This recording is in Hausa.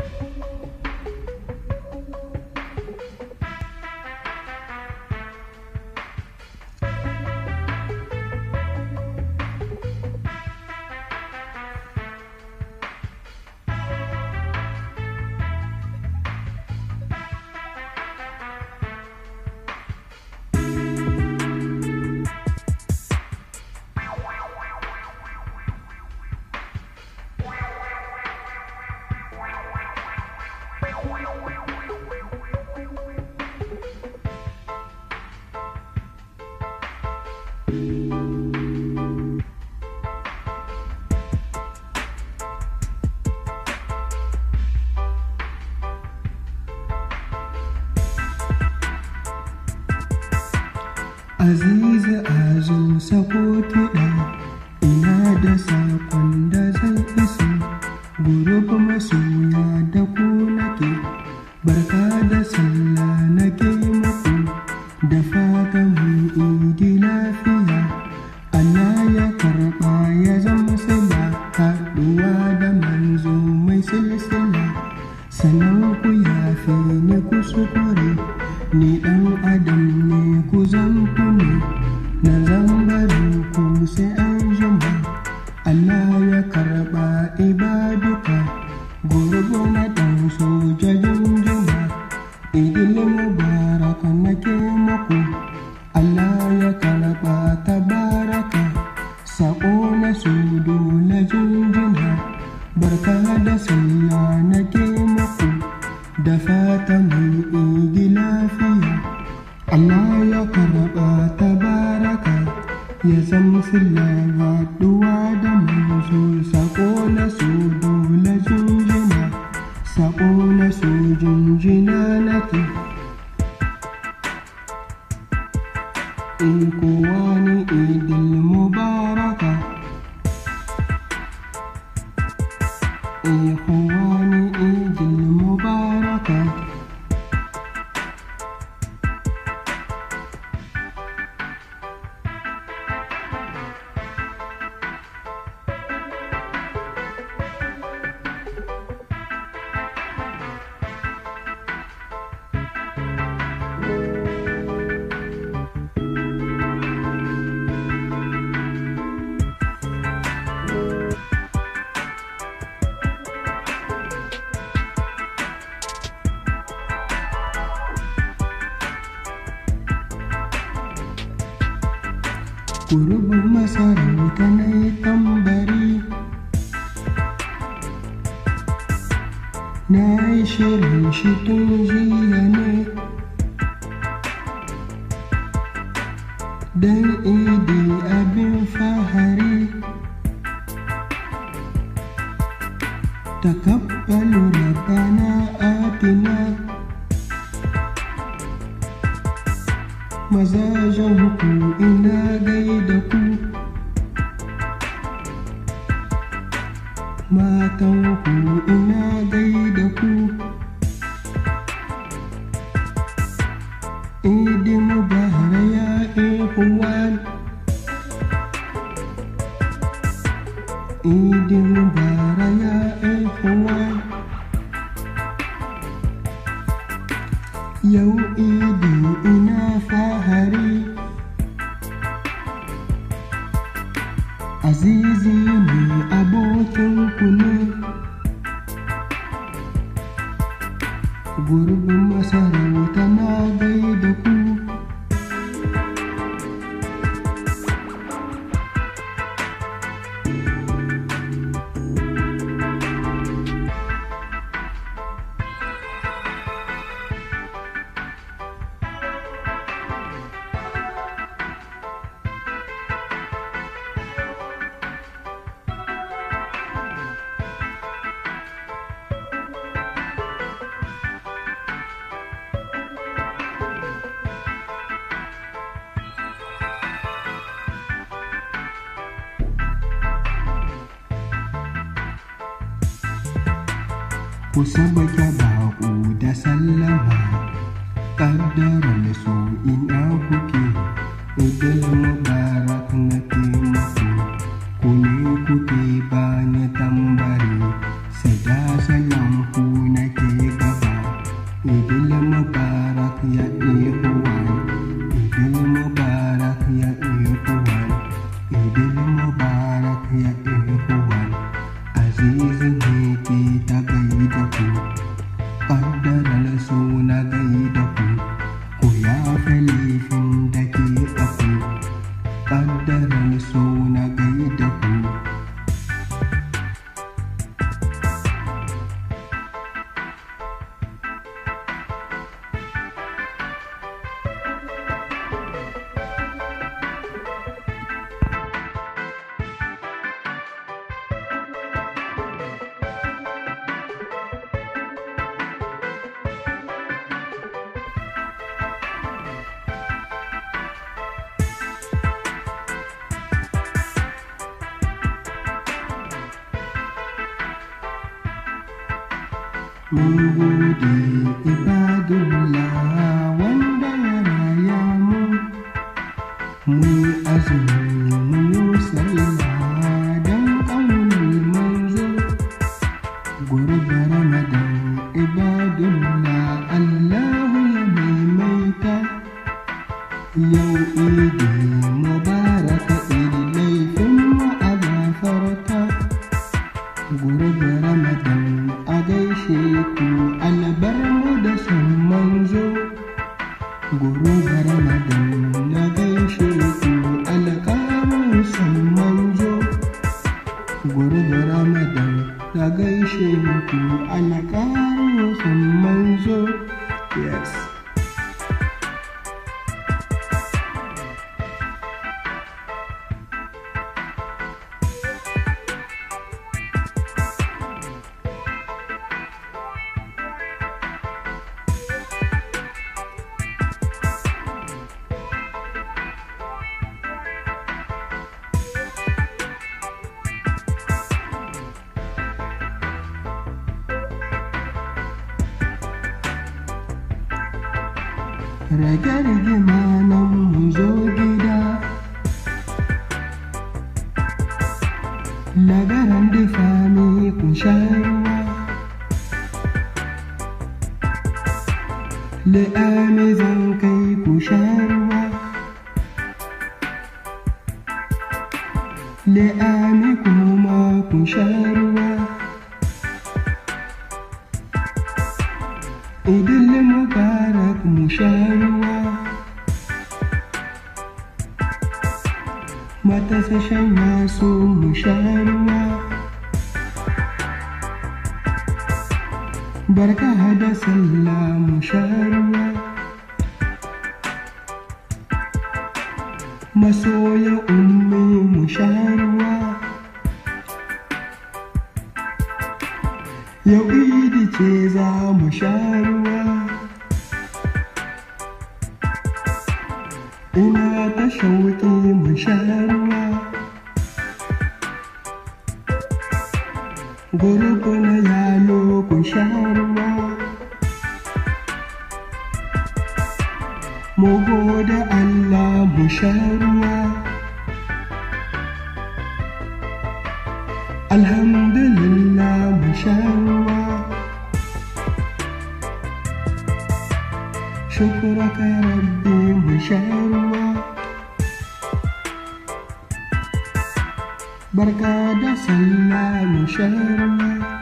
thank you Aziza a zo sako ina da sa karɓa ya zama sila haɗuwa da manzo mai silsila sannan ku yafe ne kuskure ni ɗan da fatan mu idi lafiya Allah ya karabat tabaraka ya zama sillar haɗuwa da manzo sako na so dole jinjina sako na so jinjina nake in idil કુરુબમાં સારી તને તંબરી نعيش العيش تنجينا دان ايدي ابي فهري تقبل ربنا اتنا mazajen ku ina gaida ku matan ku ina gaida ku idi mubahara ya ikhwan idi mubahara ya ikhwan yau idi ina izizi ni abokin ku ne ku saba kyaba ku da sallama kaddarar su ina kuke idil mubarak na taimako ku ne kuke ba ni tambari sada salam ku nake gaba idil ibadullah wanda ya mu mu azumi ku alabar mu da san manzo guru ramadan na gaishe ku alƙamu san manzo guru ramadan na gaishe ku alƙamu san manzo yes ragar gimanan mu zo gida lagaran dufa ne kun sha ruwa la'ami zan kai ku sha ruwa la'ami kuma kun sha ruwa idil mubarak mu sha ruwa matasa shan masu mu sha ruwa barka da sallah mu sha ruwa masoya ummi mu sha ruwa yau idi ce za mu sha ruwa ina ta shauƙi mu sha ruwa gurguna yalo ku sha ruwa mu gode Allah mu sha ruwa الحمد لله مشروع شكرك يا ربي مشروع بركة صلى مشروع